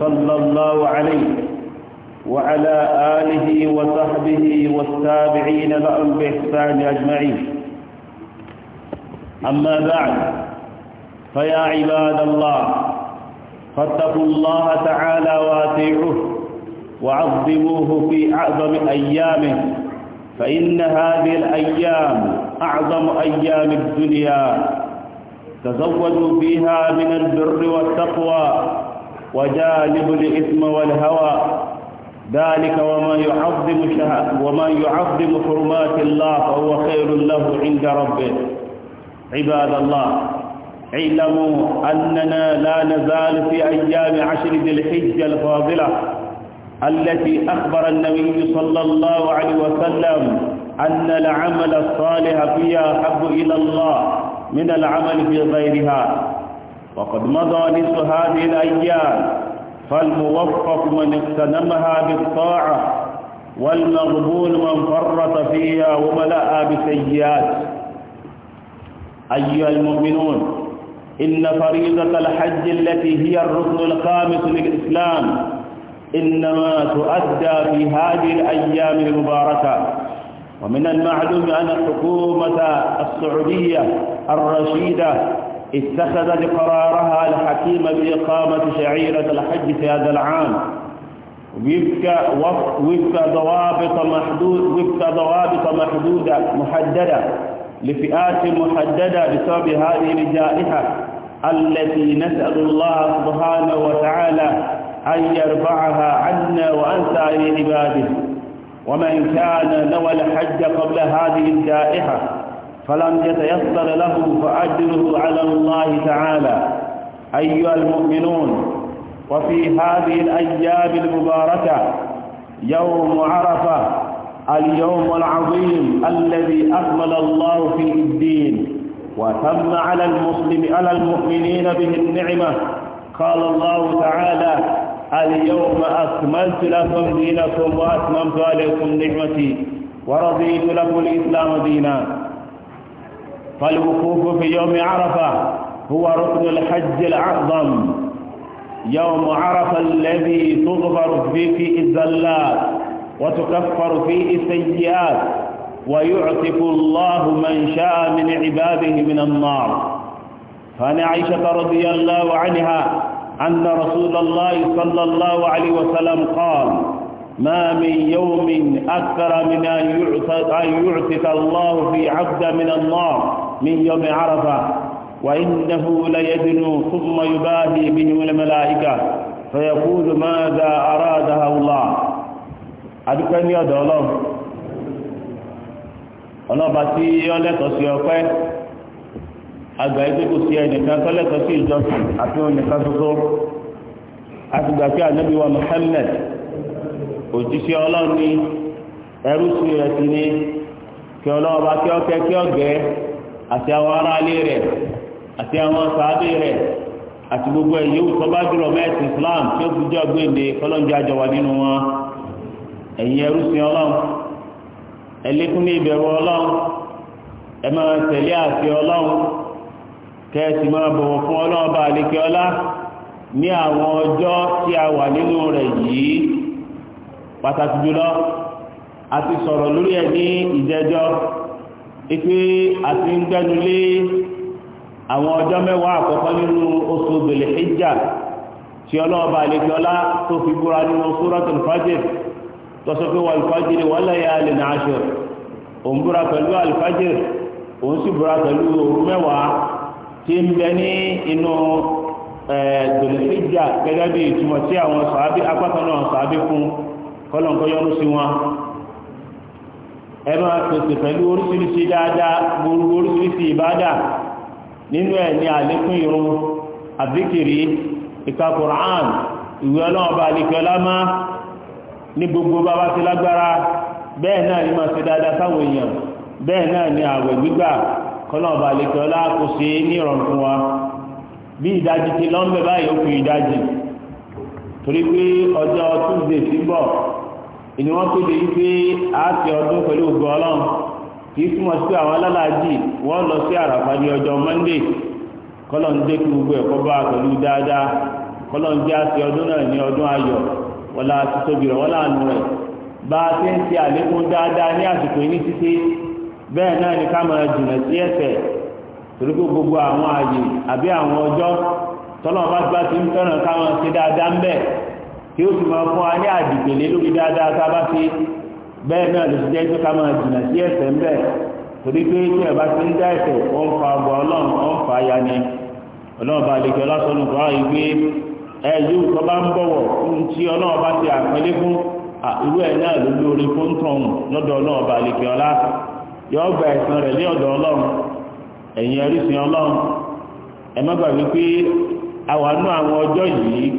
صلى الله عليه وعلى آله وصحبه والتابعين لهم بإحسان أجمعين أما بعد فيا عباد الله فاتقوا الله تعالى واتعوه وعظموه في أعظم أيامه فإن هذه الأيام أعظم أيام الدنيا تزودوا فيها من البر والتقوى وجانب الإثم والهوى ذلك وما يعظم وما يعظم حرمات الله فهو خير له عند ربه عباد الله اعلموا أننا لا نزال في أيام عشر ذي الحجة الفاضلة التي أخبر النبي صلى الله عليه وسلم أن العمل الصالح فيها أحب إلى الله من العمل في غيرها وقد مضى نصف هذه الأيام فالموفق من اغتنمها بالطاعة والمغبون من فرط فيها وملأها بسيئات أيها المؤمنون إن فريضة الحج التي هي الركن الخامس للإسلام إنما تؤدى في هذه الأيام المباركة ومن المعلوم أن الحكومة السعودية الرشيدة اتخذت قرارها الحكيم بإقامة شعيرة الحج في هذا العام وفق وفق ضوابط محدود وفق ضوابط محدودة محددة لفئات محددة بسبب هذه الجائحة التي نسأل الله سبحانه وتعالى أن يرفعها عنا وعن سائر عباده ومن كان نوى الحج قبل هذه الجائحة فلم يتيسر له فأجره على الله تعالى أيها المؤمنون وفي هذه الأيام المباركة يوم عرفة اليوم العظيم الذي أكمل الله فيه الدين وتم على المسلم على المؤمنين به النعمة قال الله تعالى اليوم أكملت لكم دينكم وأتممت عليكم نعمتي ورضيت لكم الإسلام دينا فالوقوف في يوم عرفة هو ركن الحج الأعظم يوم عرفة الذي تغفر فيه الزلات وتكفر فيه السيئات ويعتق الله من شاء من عباده من النار فعن عائشة رضي الله عنها أن رسول الله صلى الله عليه وسلم قال ما من يوم أكثر من أن يعتق الله في عبد من النار من يوم عرفة وإنه ليدن ثم يباهي بهم الملائكة فيقول ماذا أرادها الله أدكني يا دولار ọlọ́ba tí ó lẹ́tọ̀ọ́ sí ọpẹ́ àgbà ẹgbẹ́ kò sí ẹnìkan tó lẹ́tọ̀ọ́ sí ìjọsìn àti ònìkan tuntun àti gbà pé ànábì wa Muhammad òjíṣẹ́ ọlọ́run ní ẹrú sí rẹ̀ sí ní kí ọlọ́ba kí ọkẹ́ kí ọgẹ́ àti àwọn ará ilé rẹ̀ àti àwọn sàádé rẹ̀ àti gbogbo ẹ̀yẹ òsọ́bá jùlọ mẹ́ẹ̀sì Islam tí ó fi jẹ́ ọgbẹ́ǹde kọ́lọ́njẹ́ àjọwà nínú wọn ẹ̀yin ẹrú ọlọ́run ní ìbẹ̀rù ọlọ́run tẹ̀lé ọlọ́run máa bọ̀wọ̀ fún ọlọ́run bá ọlá ní àwọn ọjọ́ tí a wà nínú rẹ̀ yìí ipe àti ń gbẹ́nu lé àwọn ọjọ́ mẹ́wàá àkọ́kọ́ nínú oṣù bèlè ìjà tí ọlọ́ọ̀bà àlejò tó fi búra nínú suratul fajr tọ́sọ pé wal fajri wa layalin ashir òun búra pẹ̀lú al òun sì búra pẹ̀lú òru mẹ́wàá tí ń bẹ ní inú ìjà gẹ́gẹ́ bí ìtumọ̀ tí àwọn sàábí sàábí fún sí ẹ máa pèsè pẹ̀lú oríṣiríṣi dáadáa gbogbo oríṣiríṣi ìbádà nínú ẹ̀ ní àlékún ìrun àbíkìrí ìka Qur'an ìwé ọlọ́run ní gbogbo bàbá ti lágbára bẹ́ẹ̀ náà ni máa ṣe dáadáa sáwọn bẹ́ẹ̀ náà ni ààwẹ̀ gbígbà kọ́lọ́run bá ti ìní wọ́n kéde wípé a ti ọdún pẹ̀lú ògùn ọlọ́run kì í túmọ̀ sí àwọn alálàájì wọ́n lọ sí àràfà ọjọ́ monday kọ́lọ̀ dé kí gbogbo ẹ̀kọ́ bá pẹ̀lú dáadáa kọ́lọ̀ jẹ́ àti ọdún náà ní ọdún ayọ̀ ti tóbi rẹ̀ rẹ̀ bá a ti ń ṣe àlékún dáadáa ní àsìkò yìí ní títí bẹ́ẹ̀ náà ni jìnà sí gbogbo àwọn tí ó sì máa fún wa ní àdìgbèlé lórí dáadáa tá bá fi bẹ́ẹ̀ náà ti jẹ́ pé ká máa jìnnà sí ẹ̀ṣẹ̀ ń bẹ̀ torí pé tí ti ń dá ó fa ọgbà ọlọ́run ó fa ya ni ọlọ́run bá lè jẹ́ lásán nù ẹ yóò tó bá ń bọ̀wọ̀ fún tí ọlọ́run bá ti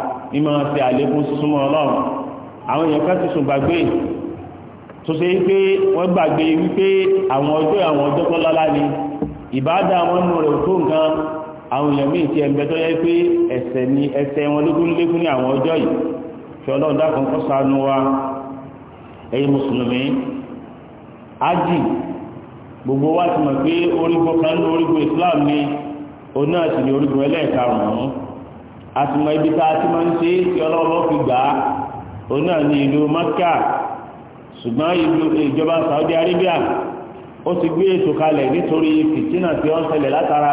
ní máa fi àlékún súnmọ́ ọlọ́run àwọn èèyàn kan ti sùn gbàgbé tó ṣe pé wọ́n gbàgbé wípé àwọn ọjọ́ àwọn ọjọ́ tó lọ́lá ni ìbáàdà wọn nù rẹ̀ tó nǹkan àwọn èèyàn míì ti ẹ̀mẹ́ tó yẹ pé ẹ̀ṣẹ̀ ni ẹ̀ṣẹ̀ wọn lógún lékún ní àwọn ọjọ́ yìí fi ọlọ́run dákan kó ṣàánú wa ẹ̀yin mùsùlùmí ájì gbogbo wa ti mọ̀ pé orígun kan ní orígun Islam ni òun náà sì ní orígun ẹlẹ́ẹ̀karùn-ún àtìmọ̀ ibi ta a ti máa ń ṣe tí ọlọ́wọ́ fi gbà á náà ní ìlú Saudi Arabia ó ti gbé ètò kalẹ̀ nítorí fìtínà tí ó ń ṣẹlẹ̀ látara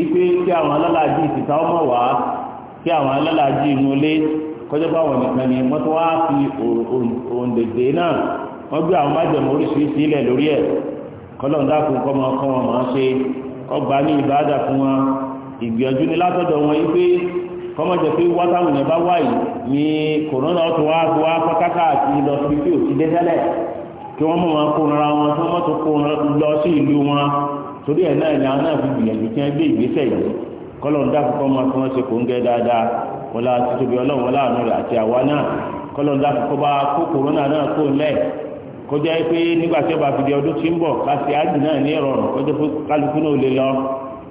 ipe kí àwọn alálàájì ìtìta ọmọ wá kí àwọn alálàájì inú ilé bá wọn nìkan ni wọ́n tó wá fi òǹdèdè náà wọ́n gbé àwọn májèmọ̀ ìgbìyànjú ni látọ̀dọ̀ wọn yí pé kọ́mọ̀jẹ̀ pé wá táwọn yẹn bá wáyé ni kòrónà tó wá tó wá fọ́káká àti lọ sí ibi òsì dẹ́sẹ́lẹ̀ kí wọ́n mọ̀ wọn kó nara wọn tí wọ́n tó kó lọ sí ìlú wọn torí ẹ̀ náà ni àwọn náà fi gbìyànjú tí wọ́n gbé ìgbésẹ̀ yìí kọ́lọ̀ ń dákú kọ́ máa fi wọ́n ṣe kó ń gẹ́ dáadáa wọn la ti tóbi ọlọ́run láàánú rẹ̀ àti àwa náà kọ́lọ̀ ń dákú kọ́ bá kó kòrónà náà kó lẹ̀ kọjá pé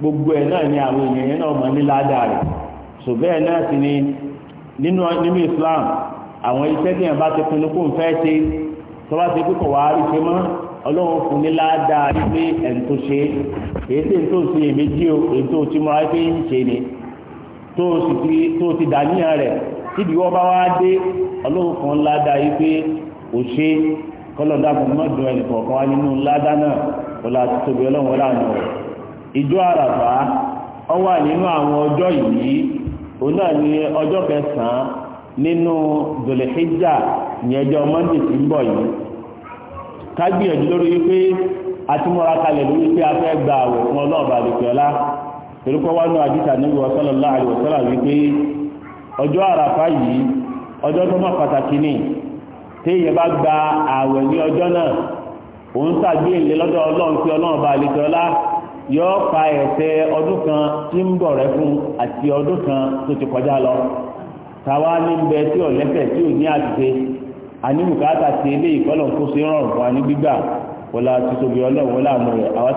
gbogbo ẹ̀ náà ni àwọn èèyàn yẹn náà mọ̀ ní ládàá rẹ̀ so bẹ́ẹ̀ náà sì ni nínú nínú Islam àwọn iṣẹ́ tí yẹn bá ti pinnu kó n fẹ́ ṣe tó bá ti kíkọ̀ wá rí ṣe mọ́ ọlọ́run fún ní ládàá pé ẹ̀ń tó ṣe èyí tí èyí tó ṣe èméjì o èyí tó ti mọ́ra pé ń ṣe ni tó sì ti tó ti dàníyàn rẹ̀ tíbi wọ́n bá wá dé ọlọ́run fún ládàá yìí pé ò ṣe kọ́lọ́dà fún mọ́dún ẹnì kọ̀ọ̀kan wá nínú ládàá náà ọlá ti tóbi rẹ̀. ìjọ àràbá ó wà nínú àwọn ọjọ́ yìí òun náà ní ọjọ́ kẹsàn-án nínú zolihijja ìyẹjọ monday tí ń bọ̀ yìí kágbìyànjú lórí wípé àti múra kalẹ̀ lórí wípé a fẹ́ gba àwẹ̀ fún ọlọ́ọ̀bà àdìkẹ́ọ́lá wá ní àdìsá níbi wípé ọjọ́ àràfá yìí ọjọ́ tó gba àwẹ̀ ní ọjọ́ náà òun ọlọ́run yọọ fa ẹ̀ṣẹ̀ ọdún kan tí ń bọ̀ rẹ fún àti ọdún kan tó ti kọjá lọ tàwa ní bẹ tí ò lẹ́ṣẹ̀ tí ò ní àtìṣe àní bùkátà sí eléyìí kó rọrùn fún gbígbà títóbi àwọn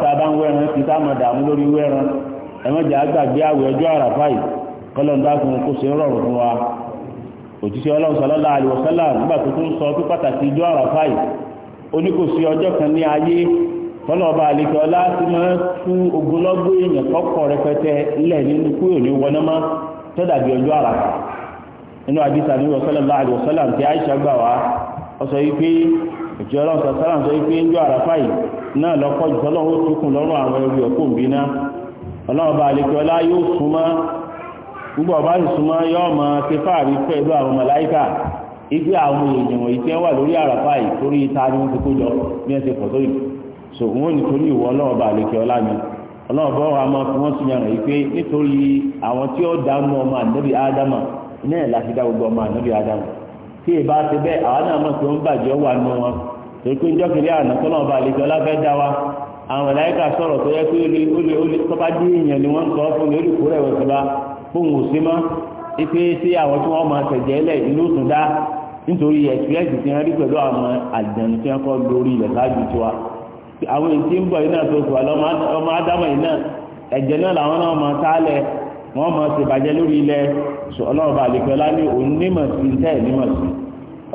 tá a bá ń wẹ́ran ti tá a mọ̀ dààmú lórí wẹ́ran ẹ̀mọ́jà àgbàgbé àwẹ̀ ọjọ́ àràfà yìí ń dákun kó rọrùn fún wa òjíṣẹ́ ọlọ́run nígbà ní kò sí ọjọ́ kan ní ayé tọ́lọ́ọ̀bá àlejò ọlá máa fún ogunlọ́gbọ̀ èèyàn kọ́kọ́ rẹpẹtẹ lẹ̀ nínú kúrò ní wọnámá nínú àdìsá ní àdìsá àìsà gbà wá yìí pé ìjọ sọ sọ yìí pé náà ọba sì yóò ti fáàrí pẹ̀lú àwọn màláíkà ibi àwọn èèyàn wọ̀nyí lórí àràfà yìí ìta so wọn nítorí ìwọ ọlọ́ọ̀bà àlekè ọlá mi ọlọ́ọ̀bà wa máa fi wọ́n sùn yàrá yìí pé nítorí àwọn tí ó ọmọ ànábì ádámà náà láti dá gbogbo ọmọ ànábì ádámà tí ì ti bẹ́ẹ̀ àwọn náà mọ̀ pé ó bàjẹ́ wà nù wọn torí pé njọ́ kiri àná tọ́lọ́ọ̀bà àlekè ọlá fẹ́ dá wa àwọn màláíkà sọ̀rọ̀ tó yẹ pé ó lè tọ́ba dé èèyàn ni wọ́n àwọn èyí tí ń bọ̀ yìí náà tó sọ ọmọ ádámọ̀ yìí náà ẹ̀jẹ̀ náà làwọn náà máa sálẹ̀ wọ́n máa ṣèbàjẹ́ lórí ilẹ̀ ọlọ́ọ̀bá àlèkọ́lá ní òun nímọ̀ sí tẹ́ ẹ̀ nímọ̀ sí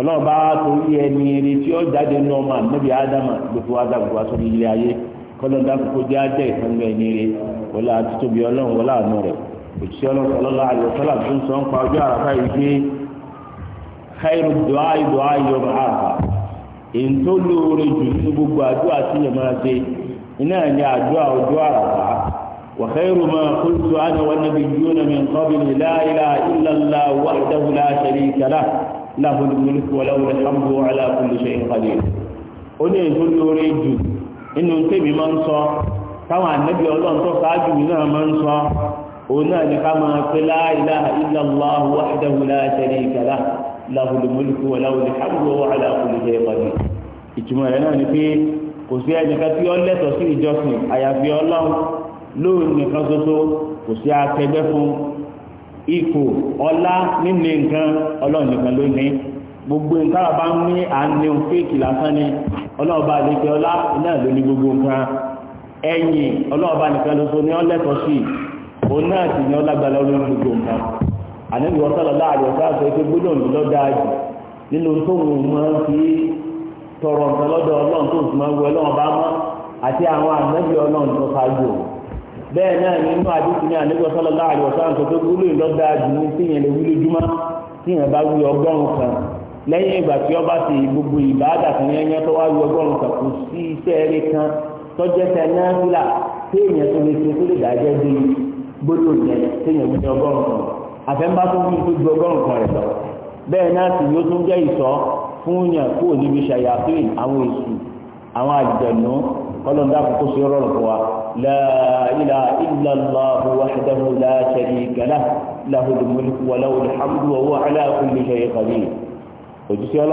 ọlọ́ọ̀bá torí ẹni eré tí ó jáde ní ọmọ ànábì ádámọ̀ gbogbo adágbogbo sórí ilé ayé kọ́lọ́dá kókó jẹ́ ajẹ́ ìfẹ́ńgbẹ́ ẹni eré wọlé àtútóbi ọlọ́run wọlé àánú rẹ̀ òṣìṣẹ́ ọlọ́ọ̀lá àlèkọ́lá tó ń sọ ń pa ọjọ́ àràfá yìí pé khairu du'a du'a yawm èyí tó lóore jù nínú gbogbo àdúrà tí yẹn máa ṣe iná ní àdúrà ọjọ́ àràbà wa khairu ma qultu ana wan nabiyyuna min qabli la ilaha illa Allah wahdahu la sharika lah lahul mulku wa lahul hamdu wa ala kulli shay'in qadir ó ní èyí tó lóore jù nínú tèmi máa ń sọ táwọn ànábì ọlọ́run tó ṣáájú mi náà máa ń sọ òun náà ní ká máa pé la ilaha illa Allah wahdahu la lahu al-mulku wa lahu hamdu wa ala kulli shay'in qadir ìtumọ̀ rẹ̀ náà ni pé kò sí ẹnìkan tí ó lẹ́tọ̀ sí ìjọsìn àyàfi ọlọ́run lóhùn nìkan ṣoṣo kò sí akẹgbẹ́ fún ipò ọlá nǹkan ọlọ́run nìkan ló ní gbogbo nǹkan bá ń ní lásán ni ọlá náà ló ní gbogbo nǹkan ẹ̀yìn nìkan ó sí òun náà sì ànábì wọn láàrin ọ̀sán àti ẹgbẹ́ gbọ́dọ̀ ní lọ́dàá nínú tóun máa tọrọ nǹkan lọ́dọ̀ ọlọ́run tó sì máa ń wọ ọlọ́run bá mọ́ àti àwọn ànábì ọlọ́run tó bẹ́ẹ̀ náà nínú àdúgbò ní láàrin àti ẹgbẹ́ ní tíyẹn lè tíyẹn bá wí kan lẹ́yìn ìgbà tí ọba ti gbogbo ìbáàdà tó wá kan kò sí iṣẹ́ eré àfẹ́ńbá tó ń tó ju ọgọ́rùn kan rẹ̀ lọ bẹ́ẹ̀ náà sì ni ó tún jẹ́ ìsọ fún yàn kó o níbi ṣàyàfín àwọn èṣù àwọn àjẹnú kọlọ́ńdà kókó sí ọ̀rọ̀ fún wa la ilaha illallah wahdahu la sharika lahu lahul mulku wa lahul hamdu wa huwa ala kulli shay'in qadir òjíṣẹ́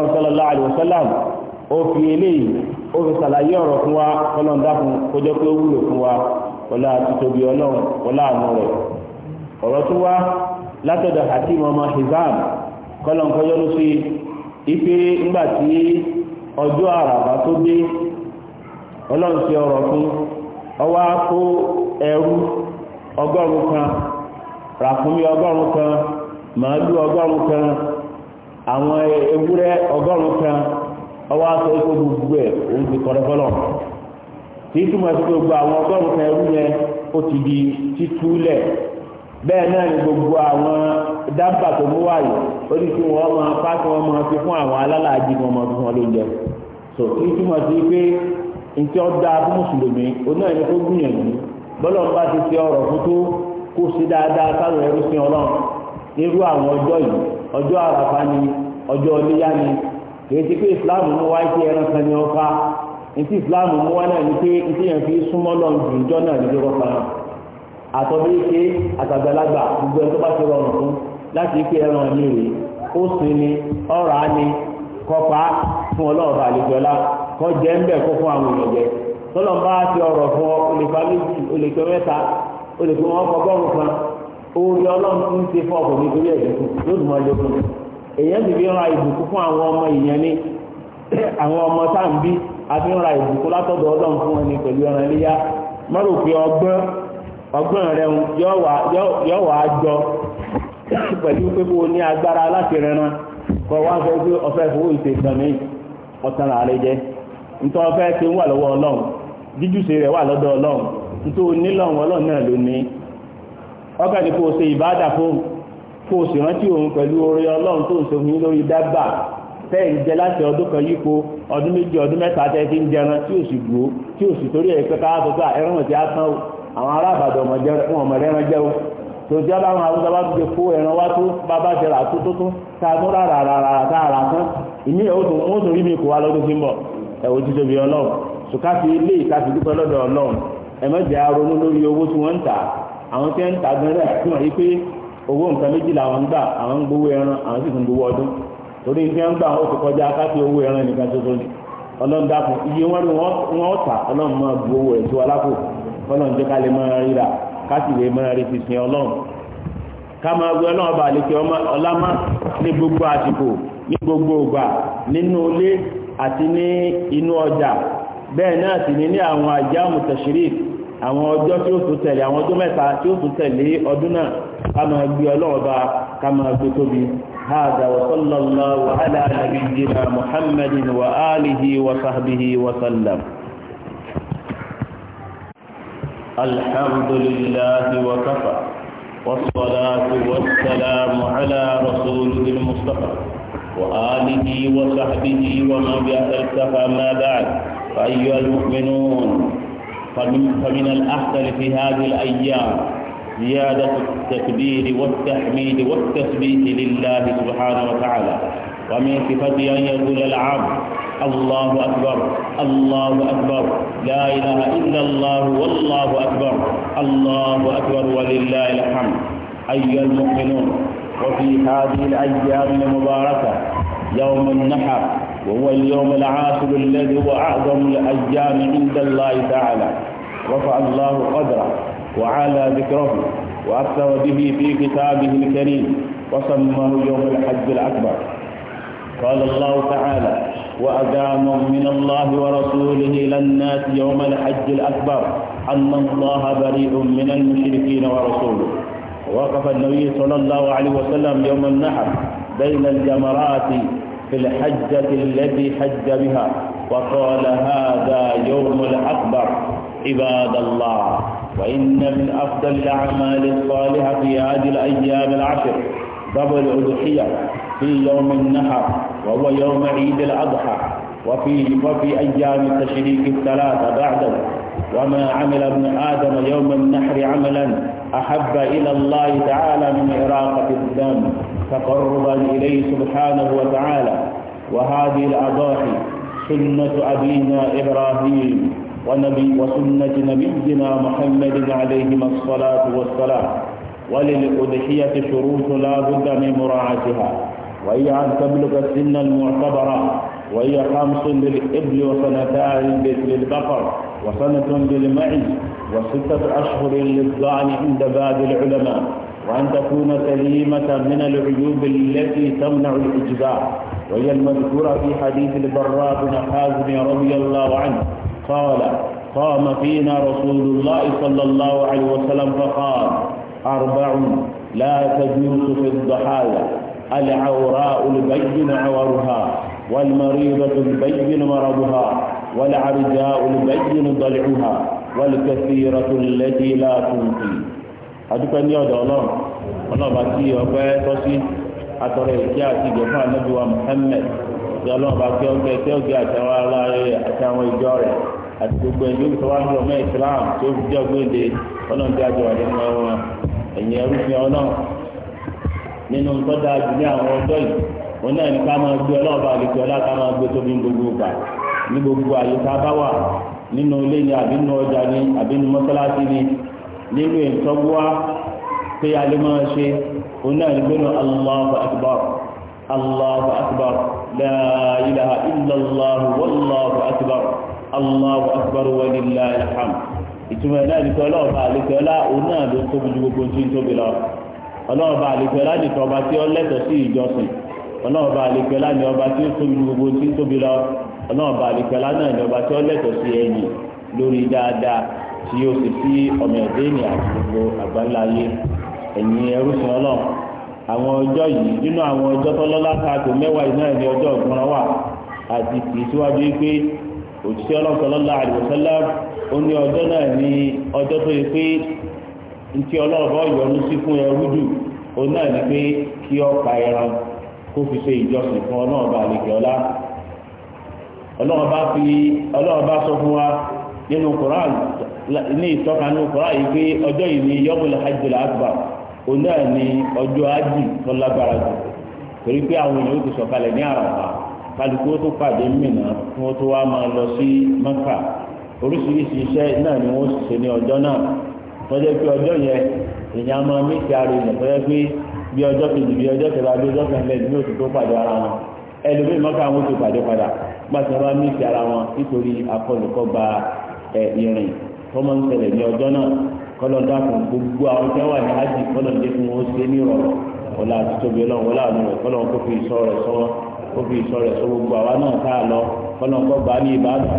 látọ̀dọ̀ hakim ọmọ hizam kọlọ̀nkọjọ́ ló fi ipe ńgbà tí ọjọ́ àràbà tó dé ọlọ́run ṣe ọ̀rọ̀ fún ọwọ́ kó ẹrú ọgọ́rùn kan ràkúnmí ọgọ́rùn kan màálù ọgọ́rùn kan àwọn ewúrẹ́ ọgọ́rùn kan ọwọ́ aṣọ ikú gbogbo ẹ̀ òun ti bẹ́ẹ̀ náà ni gbogbo àwọn dábà tó mú wáyé orí tí wọ́n máa pa tí wọ́n máa fi fún àwọn alálàájì wọn máa fi wọn lóúnjẹ so kí túmọ̀ sí pé ọ dáa fún mùsùlùmí oná gbìyànjú bọ́lọ̀ bá ti fi ọ̀rọ̀ fún tó kó sí dáadáa sáwọn ẹrú sí ọlọ́run nírú àwọn ọjọ́ yìí ọjọ́ ni ọjọ́ ni kìí ti pé ìsìláàmù mú wá ṣe ẹran kan ní ọfà ìsìláàmù mú náà ni pé àtọ́bí ike àtàgbàlagbà gbogbo ẹ̀ tó bá ti rọrùn fún láti ike ẹran ní rè ó sin ni ọ̀rọ̀ á ni kọpa fún ọlọ́ọ̀bà àlejòọlá kọ́ jẹ́ ń bẹ̀ kó fún àwọn èèyàn jẹ tọ́lọ̀ bá ti ọ̀rọ̀ fún ọ olèkọ́ méjì olèkọ́ mẹ́ta olèkọ́ wọn kọ́ bọ́ọ̀rù kan orí ọlọ́run ti ń ṣe nítorí ẹ̀dínkù yóò ọjọ́ fún ọgbọ́n rẹ̀ yọ wà jọ pẹ̀lú pé ní agbára láti rẹran kọ wá fẹ́ pé ìtànmí jẹ́ nítorí wà lọ́wọ́ ọlọ́run rẹ̀ wà lọ́dọ̀ ọlọ́run nítorí ọlọ́run náà ní tó jẹ láti ọdún kan ọdún méjì ọdún mẹ́ta tẹ́ ń jẹran tí ò sì tí ò sì torí ẹ̀ pẹ́ àwọn arábàdàn ọmọdé ẹran jẹ́ o tòjá láwọn àwọn ọmọdé bá kó ẹran wá tó bàbá ṣe rà tó tó tó tààtó rárá rárá tààrà tán ìní ẹ̀ ó tún rí mi kó wá lọ́dún sí ń bọ̀ ẹ̀wọ̀ títí bí ọlọ́run sùkáfí ilé ìkáfí dúpẹ́ lọ́dọ̀ ọlọ́run ẹ̀mẹ́jẹ̀ aronú lórí owó tí wọ́n ń tà àwọn tí ń tà gan rẹ̀ tí wọ́n rí pé owó nǹkan méjì làwọn ń gbà àwọn ń gbowó ẹran àwọn sì ń gbowó ọdún torí tí wọ́n gbà ó ti kọjá káfí owó ẹran nìkan tuntun ọlọ́run dákun iye wọn ni wọ́n tà ọlọ́run máa bu owó rẹ̀ tó alákòó kọ́nà ń jẹ́ ká lè máa ríra ká sì lè máa rí sísìn ọlọ́run ká máa gbé ọlọ́run ọba àlékè ọlámá ní gbogbo àsìkò ní gbogbo ògbà nínú ilé àti ní inú ọjà bẹ́ẹ̀ náà sì ní ní àwọn àjá mùtẹ̀ṣírì àwọn ọjọ́ tí ó tún tẹ̀lé àwọn ọjọ́ mẹ́ta tí ó tún tẹ̀lé ọdún náà ká máa gbé ọlọ́run ọba ká máa gbé tóbi هذا وصلى الله على نبينا محمد الحمد لله وكفى والصلاة والسلام على رسوله المصطفى وآله وصحبه ومن بأسلتها ما بعد فأيها المؤمنون فمن, فمن الأحسن في هذه الأيام زيادة التكبير والتحميد والتسبيح لله سبحانه وتعالى ومن صفته أن يقول العبد الله أكبر الله أكبر لا إله إلا الله والله أكبر الله أكبر ولله الحمد أيها المؤمنون وفي هذه الأيام المباركة يوم النحر وهو اليوم العاشر الذي هو أعظم الأيام عند الله تعالى رفع الله قدره وعلى ذكره وأثر به في كتابه الكريم وسماه يوم الحج الأكبر قال الله تعالى وأقام من الله ورسوله إلى الناس يوم الحج الأكبر أن الله بريء من المشركين ورسوله وقف النبي صلى الله عليه وسلم يوم النحر بين الجمرات في الحجة التي حج بها وقال هذا يوم الأكبر عباد الله وإن من أفضل الأعمال الصالحة في هذه الأيام العشر قبل الأضحية في يوم النحر وهو يوم عيد الأضحى وفي, وفي أيام التشريك الثلاثة بعده وما عمل ابن آدم يوم النحر عملا أحب إلى الله تعالى من إراقة الدم تقربا إليه سبحانه وتعالى وهذه الأضاحي سنة أبينا إبراهيم ونبي وسنة نبينا محمد عليهما الصلاة والسلام وللأضحية شروط لا بد من مراعاتها وهي أن تبلغ السن المعتبرة وهي خمس للإبل وسنتان للبقر وسنة للمعز وستة أشهر للضعن عند بعض العلماء وأن تكون سليمة من العيوب التي تمنع الإجزاء وهي المذكورة في حديث البراء بن حازم رضي الله عنه قال قام فينا رسول الله صلى الله عليه وسلم فقال أربع لا تجوز في الضحايا العوراء البين عورها والمريضة البين مرضها والعرجاء البين ضلعها والكثيرة التي لا تنقي adúpẹ́ ní ọ̀dọ̀ ọlọ́run ọlọ́ọ̀bá tí ọgbẹ́ tọ́sí atọ́rọ ìkí àti ìjọba anábíwá Muhammad ti ọlọ́ọ̀bá kí ọgbẹ́ kí ọgbẹ́ àtàwọn aláàrẹ àtàwọn ìjọ rẹ̀ àti gbogbo ẹni tó wá ní ọmọ Islam tó fi jẹ́ ọgbẹ́ èdè ọlọ́ọ̀dẹ́ àjọ àdéhùn ẹ̀wọ̀n ẹ̀yìn ẹrú fi ọlọ́run nínú tọ́jà jù ní àwọn ọjọ́ yìí òun náà ní ká máa gbé ọlọ́ọ̀bá àlejò ọlá ká máa gbé tóbi gbogbo gbà ní gbogbo àyíká bá wà nínú ilé ni àbí nínú ọjà ni àbí nínú mọ́sálásí ni nínú ìtọ́gbọ́wá pé a lè máa ṣe òun náà ní gbóná Allahu akbar Allahu akbar la ilaha illallahu wallahu akbar Allahu akbar wa ìtumọ̀ náà ní ọlọ́ọ̀bá àlejòlá ní ọba tí ó lẹ́tọ̀ sí ìjọsìn ọlọ́ọ̀bá àlejòlá ní ọba tí ó tóbi gbogbo tí ń tóbi lọ ọlọ́ọ̀bá àlejòlá náà ní ọba tí ó lẹ́tọ̀ sí ẹ̀yìn lórí dáadáa tí ó sì sí ọmọ ẹ̀dẹ́ ní àgbègbè àgbáńláyé ẹ̀yìn ẹrúsìn ọlọ́run àwọn ọjọ́ yìí nínú àwọn ọjọ́ tọ́lọ́lá káàtó mẹ́wàá iná ẹ̀mí ọjọ́ ọ̀gbọ́n ntí ọlọ́ọ̀bọ yọnu sí fún ẹrú jù ó náà ní pé kí ọ pa ẹran kó fi ṣe ìjọsìn fún ọlọ́ọ̀bọ àlejò ọlá ọlọ́ọ̀bá fi ọlọ́ọ̀bá sọ fún wa nínú koran ní ìtọ́ka nínú koran yìí pé ọjọ́ yìí ni yọ́mùlẹ̀ hajjil akbar ó náà ní ọjọ́ ájì tó lágbára jù torí pé àwọn èèyàn ó ti sọ̀kalẹ̀ ní àràfà kálukú ó tó pàdé mìíràn fún ó tó wá máa lọ sí mẹ́kà oríṣiríṣi iṣẹ́ náà ni wọ́n ṣe ní ọjọ́ náà tọ́jọ́ pé ọjọ́ yẹn èèyàn máa mí ti ara èèyàn tọ́jọ́ pé bí ọjọ́ kejì bí ọjọ́ kẹta bí ọjọ́ kẹta ní oṣù tó pàdé ara wọn ẹlòmíì mọ́ta àwọn oṣù pàdé padà gbàtí wọn bá mí ti ara wọn nítorí akọlùkọgba ẹ ìrìn tọmọ ń ṣẹlẹ̀ ní ọjọ́ náà kọlọdà kan gbogbo àwọn tí wọn wà ní hajj kọlọdé fún wọn ṣe ní ìrọ̀rọ̀ ọlá àti tóbi Ọlọ́run wọlé àwọn ọmọ kọlọrun kó fi ìṣọ́ rẹ̀ sọ wọn kó fi ìṣọ́ rẹ̀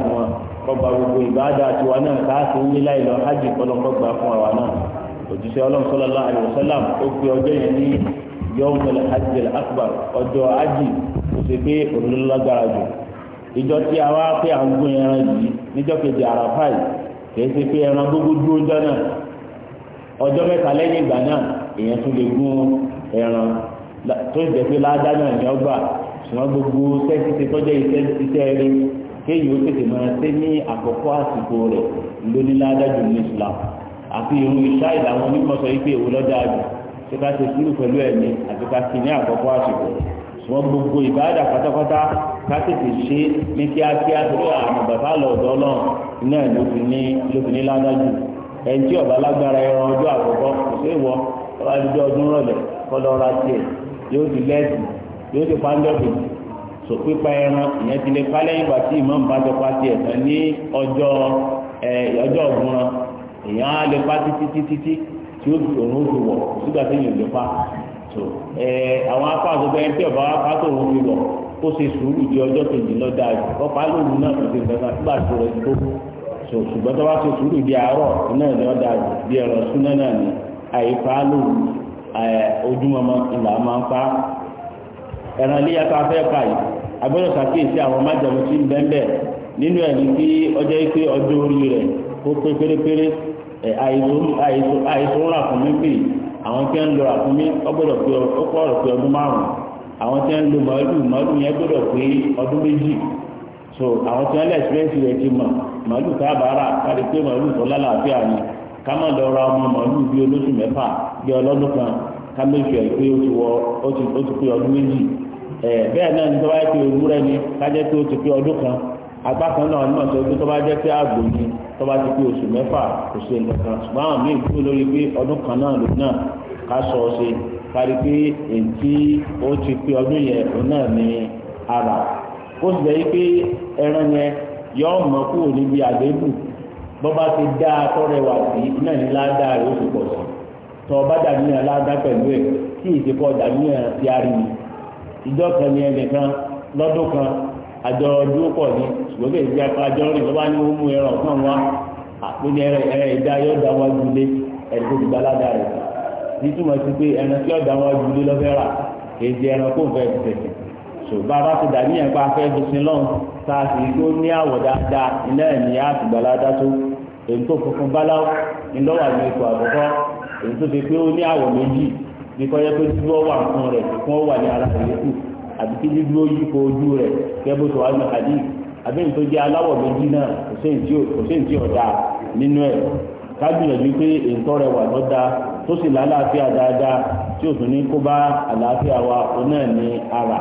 sọ kọgbà gbogbo ìbáàdà tiwa náà káàsì ń lílá ìlọ hajj kọlọkọgbà fún àwa náà òjíṣẹ́ ọlọ́run sallallahu alaihi wasallam ó pe ọjọ́ yẹn ní yawmul hajjil akbar ọjọ́ hajj kò sí pé òrùlọ́lágbára jù ìjọ tí a wá pé à ń gún ẹran yìí níjọ́ kejì àràfà yìí kì í ṣe pé ẹran gbogbo dúró jọ náà ọjọ́ mẹ́ta lẹ́yìn ìgbà náà èèyàn tún lè gún ẹran tó ń jẹ́ pé ládá náà ni ọgbà ṣùgbọ́n gbogbo sẹ́ẹ̀sì kéèyàn ó tètè máa ṣe ní àkọ́kọ́ àsìkò rẹ̀ lóníládájú ní Islam àti irun iṣẹ́ ìlànà onímọ̀ sọ wípé èwo lọ́jà àjù ṣé ká ṣe sùúrù pẹ̀lú ẹ̀mí àti ká ṣe ní àkọ́kọ́ àsìkò ṣùgbọ́n gbogbo ìbáàdà pátápátá ká tètè ṣe ní kíákíá torí àmọ̀ bàbá lọ́dọ̀ náà náà ló fi ní ló fi ní ládájú ẹnjí ọba lágbára ẹran ọjọ́ àkọ́kọ́ kò sí ìwọ ọba àdúgbò ọdún rọ̀lẹ́ kọlọra tiẹ̀ yóò ti lẹẹsì yóò ti pàǹdọ̀bì so pípa ẹran ìyẹn ti lè falẹ̀ ìgbà tí ìmáàmù bá jọ pàtì ẹ̀sán ní ọjọ́ ẹ ọjọ́ ọ̀gbọ́n èèyàn á lè pa títí títí tí ó fi òun ó fi wọ̀ sígbà tí èèyàn lè pa so ẹ àwọn apá àgbẹ̀gbẹ̀ ẹni tí ọ̀bá apá tó òun fi wọ̀ ó ṣe sùúrù di ọjọ́ kejì lọ́dà yìí ọ̀pá lóru náà kò ṣe nǹkan nígbà tó rẹ̀ tó so ṣùgbọ́n tó bá ṣe sùúrù di àárọ̀ náà lọ́dà yìí bí ẹ̀rọ súná náà ni àyíká lóru ojúmọmọ ìlà máa ń pa ẹran ilé afẹ́ pa yìí agbọ́dọ̀ sàkíyèsí àwọn májàmú tí ń bẹ́ẹ̀ nínú ẹ̀rí tí ọjọ́ pé ọjọ́ orí rẹ̀ ó pé pérépéré àìsàn rà fún mi pè àwọn tí ń lọ rà fún mi ọgbọ́dọ̀ pé ọkọ̀ ọ̀rọ̀ pé ọdún márùn àwọn tí ń lo màálù màálù yẹn gbọ́dọ̀ pé ọdún méjì so àwọn tí wọ́n lẹ̀ ṣẹ́ẹ̀sì rẹ̀ ti mọ̀ màálù káàbàárà káàdì pé màálù tó lálàáfíà ni ká má lọ ra ọmọ màálù bí olóṣù mẹ́fà bí ọlọ́dún kan ká méjì ẹ̀ pé ó ti pé ọdún méjì Eh, bẹ́ẹ̀ náà ní tó bá yẹ kí ewúrẹ́ ni kájẹ́ pé ó ti pé ọdún kan apá kan náà ní màtó pé tó bá jẹ́ pé àgbò ni tó bá ti pé oṣù mẹ́fà kò ṣe nǹkan ṣùgbọ́n àwọn míì kúrò lórí pé ọdún kan náà lòun náà ká sọ ọ ṣe kárí pé èyí tí ó ti pé ọdún yẹn òun náà ní ara ó sì lẹ́yìn pé ẹran yẹn yọ ọmọ kúrò níbi àgbébù bó bá ti dá tọrẹ wà sí iná ní ládàá rẹ ó sì pọ̀ sí tọ́ dàbí yẹn ládàá pẹ̀lú ẹ̀ kí ìṣekọ̀ dàbí yẹn ti ariwo ìjọ kan ní ẹnìkan lọ́dún kan àjọ ọdún pọ̀ ní ṣùgbọ́n kí èyí apá àjọ rìn lọ́wọ́ ní ó mú ẹran ọ̀kan wá àpéjì ẹran ìdá yóò dá wá ju lé ẹni tó ti gba ládà rẹ̀ nítumọ̀ sí pé ẹran tí yóò dá wá ju lé lọ́fẹ́ rà èyí di ẹran kó fẹ́ tẹ̀sẹ̀ so bàbá ti dàbí yẹn pa afẹ́ bísí lọ́n tá a sì tó ní àwọ̀ dáadáa iná ẹ̀ ní àtìgbàládá tó èyí tó funfun báláwo ńlọ́wọ́ àmì ipò àkọ́kọ́ èyí tó ti pé ó ní àwọ̀ méjì nípa yẹ pé dúró wà fún rẹ̀ fún wà ní ara rẹ̀ kù àbí kí dúró yí ojú rẹ̀ kẹ́bù tó wà ní àdí àbẹ́yìn tó jẹ́ aláwọ̀ méjì náà kò sí ní ọ̀dà nínú ẹ̀ kábíyànjú pé rẹ̀ wà tó sì lálàáfíà dáadáa tí ò tún ní kó bá àlàáfíà wa òun náà ní ara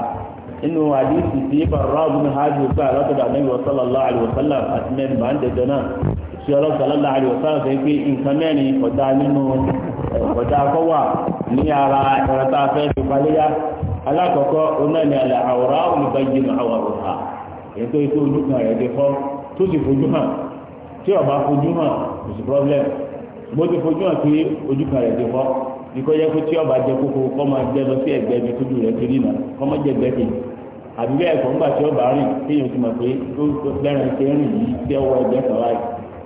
sallallahu alaihi ọ̀dà akọ́wà ní ara ìrọ̀ta afẹ́ ti paléyà alákọ̀ọ́kọ́ onáni àlẹ́ àwòrán olùbáyé nù ètò ètò ojú kan rẹ̀ tó sì fojú hàn tí ọba fojú hàn kò sí problem bó ti fojú hàn ti fọ́ yẹ kó tí ọba jẹ kókó kọ́ máa jẹ lọ sí ẹgbẹ́ rẹ̀ nà kọ́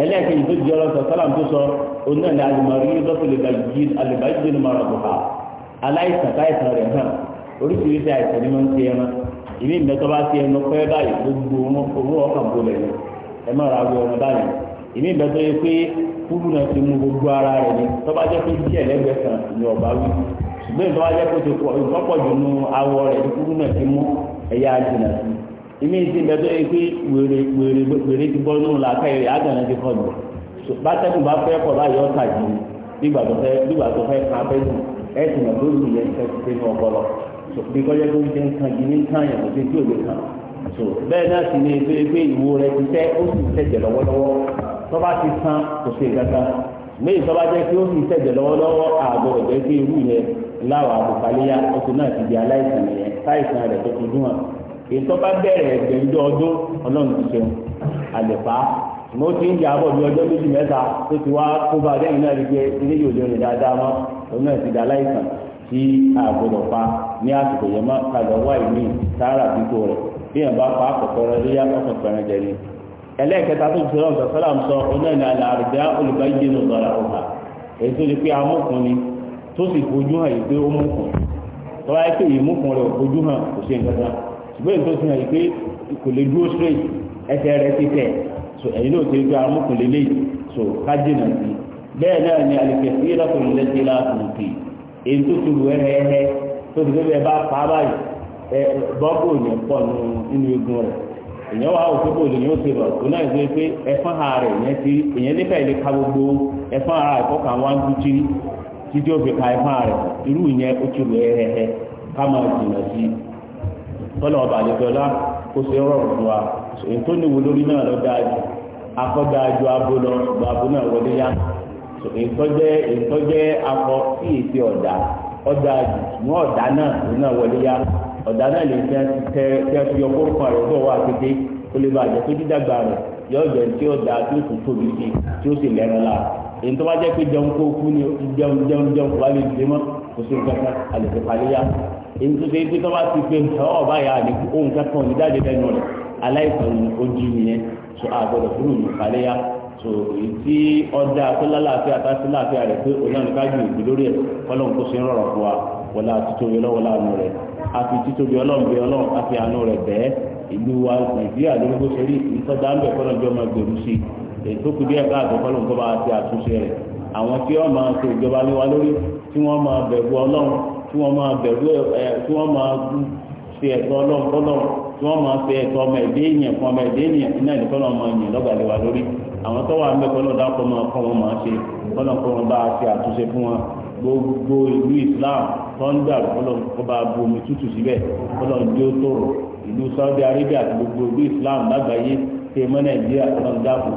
ẹlẹ́ẹ̀kejì tó di ọ̀rọ̀ sọ sọ́làm tó sọ oní ẹ̀dá alùmọ̀rí lọ́pọ̀ alùbáyé ní mọ̀rọ̀ bùhá aláìsàn rẹ̀ hàn oríṣiríṣi àìsàn ni wọ́n ń ti ẹran ìmí ìmẹ́tọ́ bá ti ẹnu pẹ́ báyìí gbogbo owó ọkàn bolẹ̀ ni ẹ má ra wọ ọmọ báyìí ìmí ìmẹ́tọ́ yẹ pé kúrú náà ti mú gbogbo ara rẹ̀ ni bá jẹ́ pé díẹ̀ ni wí ìtọ́wájẹ́ ti pọ̀ jù nù awọ rẹ̀ ní kúrú náà ti mú ẹ̀yà àjìnà ìmí ìsìn bẹ́ẹ̀ tó yẹ pé wèrè wèrè wèrè ti bọ́ nínú làákàyè rẹ̀ àgànà ti kọlù bátẹ́kùn bá fẹ́ kọ̀ báyìí ọ̀tà jù nígbà tó fẹ́ nígbà tó fẹ́ kan abẹ́ jù ẹ̀ sì mọ̀ lórí ìyẹn fẹ́ ti fẹ́ ní ọpọlọ bí kọjá tó ń jẹ́ nǹkan jì ní nǹkan yẹn kò sí tí òde kan bẹ́ẹ̀ náà sì ni pé pé ìwo rẹ ti tẹ́ ó sì tẹ̀jẹ̀ lọ́wọ́lọ́wọ́ tó bá ti san kò sí kankan méjì tó bá jẹ́ pé ó sì tẹ̀jẹ̀ èyí tó bá bẹ̀rẹ̀ ẹgbẹ̀rún ọdún ọlọ́run ti ṣeun àlèpá mo ti ń yàgò bí ọjọ́ méjì mẹ́ta tó ti wá kó bá dẹ́yìn náà rí pé ilé yóò lè rìn dáadáa mọ́ òun náà ti dà láìsàn tí àgbọ̀dọ̀ pa ní àsìkò yẹn mọ́ kàlọ́ wà ìmí sáárà dípò rẹ̀ bí yẹn bá pa àkọ́kọ́ rẹ̀ lóyá ọkàn pẹ̀rẹ̀ jẹ ni. ẹlẹ́ẹ̀kẹta tó ti sọ̀rọ̀ sọ̀rọ̀ sọ onáìní àlà àrùbá olùbáyé nù lọ́ra ọ̀hà èyí tó di pé amúkun ni tó sì fojú hàn yìí pé ó múkun tọ́wáyé pé ìmúkun rẹ̀ ò fojú hàn kò ṣe nǹkan ṣùgbọ́n èyí tó fi hàn yìí pé kò lè dúró straight ẹsẹ̀ rẹ̀ ti tẹ̀ so ẹ̀yin náà ti gbé amúkùnlé lè so kájí náà sí bẹ́ẹ̀ náà ni àlùkẹ́sí ìlọ́kùn lẹ́sí láàtún sí èyí tó ti wù ẹ́rẹ́ẹ́rẹ́ tó ti gbé bá pa báyìí ẹ bọ́ọ̀bù yẹn pọ̀ nínú egun rẹ̀ èyàn wà ó fipò lè yóò ti rọ̀ tó náà ṣe pé ẹ̀fọn ara rẹ̀ yẹn ti èyàn níbẹ̀ lè ka gbogbo ẹ̀fọn ara ìkọ́kà wọn dú tí títí ó fi ka ẹ̀fọn ara rẹ̀ irú ìyẹn ó ti wù ẹ́rẹ́ẹ́rẹ́ ká máa jìnnà sí i kọ́lọ̀ ọba àdìgbọ́lá kó ṣe rọrùn fún wa èyí tó níwò lórí náà lọ dáadì akọ́dáadì abo lọ gbọ́ abo náà wọlé yá ìtọ́jẹ́ ìtọ́jẹ́ akọ sí èsì ọ̀dà ọ̀dà mú ọ̀dà náà ló náà wọlé yá ọ̀dà náà lè fẹ́ tẹ tẹ fi ọkọ̀ kan rẹ̀ bọ̀ wá kété kó lè bàjẹ́ tó dídàgbà rẹ̀ yóò jẹ́ tí ọ̀dà tí ó sì tóbi sí tí ó sì lẹ́ran la èyí tó bá jẹ́ pé jẹun kó kú ni jẹun jẹun jẹun kó lè dé mọ́ kó sí nǹkan èyí tó ṣe pé tó bá ti pé ọ̀ bá yà ní ohun kankan ní jáde lẹ́nu rẹ̀ aláìsàn ojú nìyẹn so àgbọ̀dọ̀ kúrò ní ìpàdéyà so èyí tí ọjà tó lálàáfíà tásí láàfíà rẹ̀ pé onáníkájú ìgbì lórí ẹ̀ ọlọ́run kó ṣe ń rọ̀rọ̀ fún wa wọlá títóbi ọlọ́wọ́ láàánú rẹ̀ àfi títóbi ọlọ́run bí ọlọ́run àfi àánú rẹ̀ bẹ́ẹ̀ ìlú wa nàìjíríà lórí bó ṣe rí ìtọ́jà ń bẹ̀ kọ́nà jọ máa gbèrú sí ètò kù díẹ̀ káàtó kọ́lọ́run kọ́ bá ti àtúnṣe rẹ̀ àwọn tí wọ́n máa ṣe ìjọba lé wa lórí tí wọ́n máa bẹ̀rù ọlọ́run tí wọ́n máa bẹ̀rù ẹ̀ tí wọ́n máa fi ẹ̀tọ́ ọlọ́run kọ́lọ́run tí wọ́n máa fi ẹ̀tọ́ ọmọ ẹ̀dẹ́ èèyàn fún ọmọ ẹ̀dẹ́ èèyàn iná ìdí kọ́lọ́run máa yìn lọ́gàlẹ̀ wa lórí àwọn tó wà ń bẹ kọ́lọ́run dákọ́ máa kọ́ wọn máa ṣe kọ́lọ́run kọ́ bá a ṣe àtúnṣe fún wọn gbogbo ìlú Islam tó ń dàrú kọ́lọ́run kọ́ bá a bu omi tútù síbẹ̀ kọ́lọ́run dé ó tòrò ìlú Saudi Arabia àti gbogbo ìlú Islam lágbàáyé ṣe mọ́ Nàìjíríà kọ́lọ́run dáàbò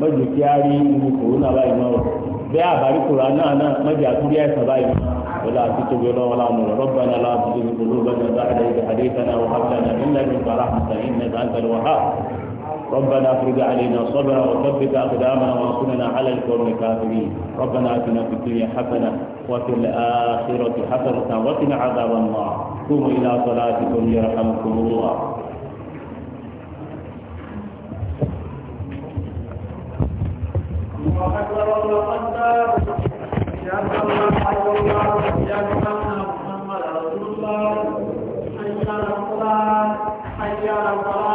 mọ́jú kí á rí ìlú kòrónà báyìí náà bẹ́ẹ̀ ولا تتوب ولا نور ربنا لا تزغ قلوبنا بعد إذا حديثنا وحبنا إلا من لدنك رحمة إنك أنت الوهاب ربنا افرد علينا صبرا وثبت اقدامنا وانصرنا على القوم الكافرين ربنا اتنا في الدنيا حسنه وفي الاخره حسنه وقنا عذاب الله قوموا الى صلاتكم يرحمكم الله الله أكبر حي على الصلاة حي على الصلاة